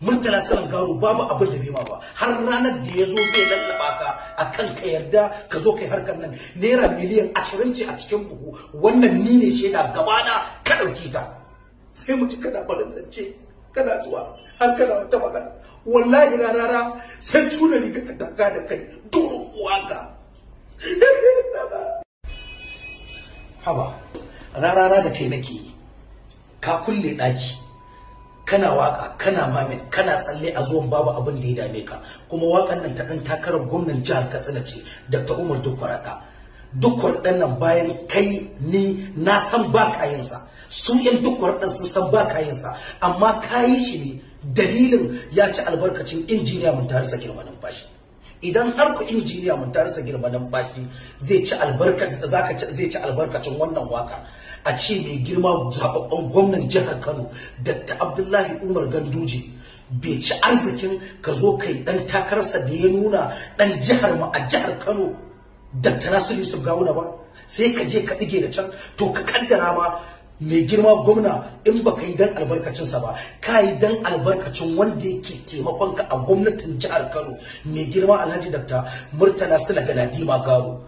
murtala sanin garo ba mu abin da bai ma ba har ranar da ya zo zai lallaba ka a kan ka yarda ka zo kai harkar nan naira miliyan ashirin ce a cikin buhu wannan ni ne shaida gabana ka ɗauki ta sai mu ci kana barin zance kana zuwa har kana wata magana wallahi na rara sai cuna ni ka taka da kai duru ka haba rarara da kai nake ka kulle ɗaki kana waka kana mamin kana tsalle a zuwan babu abin da ya dame ka kuma wakan nan ta dan takarar gwamnan jihar Katsina ce Dr. Umar Dukwarata Dukwar dan nan bayan kai ni na san ba sa su yan Dukwar dan sun san ba sa amma kayi shi ne dalilin ya ci albarkacin injiniya mun tare sakin wani fashi idan har ku injiniya mun rasa girma nan baki zai ci albarkacin zaka zai ci albarkacin wannan waka a ci mai girma zababban gwamnan jihar Kano Dr. Abdullahi Umar Ganduje bai ci arzikin ka zo kai dan takararsa da ya nuna dan jihar mu a jihar Kano Dr. Nasiru Yusuf Gawuna ba sai ka je ka dige da can to ka kaddara ma mai girma gwamna in ba ka yi dan albarkacinsa ba ka yi dan albarkacin wanda yake taimakon ka a gwamnatin jihar kano mai girma alhaji dakta murtala sila galadima garo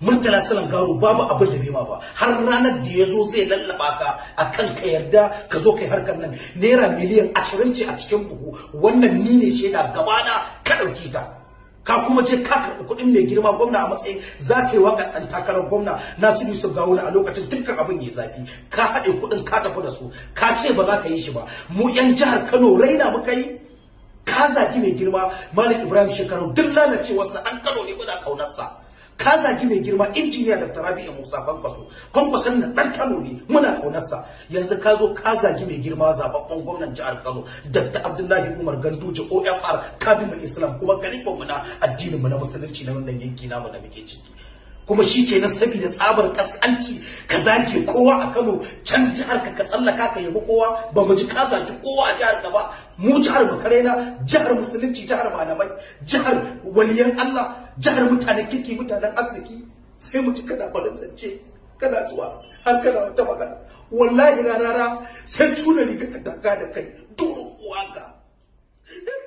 murtala sila garo babu abin da bima ba har ranar da ya zo zai lallaba ka a kan ka yarda ka zo kai harkar nan naira miliyan ashirin ce a cikin buhu wannan ni ne shaida gabana ka ɗauki ta ka kuma je ka karɓi kuɗin mai girma gwamna a matsayin za ka yi waƙar ɗan takarar gwamna nasiru yusuf gawuna a lokacin dukkan abin ya zafi ka haɗe kuɗin ka tafi da su ka ce ba za ka yi shi ba mu yan jihar kano raina muka yi ka zaki mai girma malam ibrahim shekaru duk lalacewarsa an kano ne muna kaunarsa. ka mai girma injiniya da tarabi a musa kwankwaso kwankwason na ɗan kano ne muna ƙaunarsa yanzu ka zo ka mai girma zababban gwamnan jihar kano dr abdullahi umar ganduje ofr kadimin islam kuma karibin mu na addinin mu na musulunci na wannan yanki namu da muke ciki kuma shi nan saboda tsabar kaskanci ka zage kowa a kano can jihar ka ka tsallaka ka yabi kowa ba mu ji ka kowa a jihar ka ba mu jihar na jihar musulunci jihar malamai jihar waliyan Allah jihar mutane kiki mutanen arziki sai mu ci kana zance kana zuwa har kana wata magana wallahi na rana sai tuna riga ka taka da kai duro ga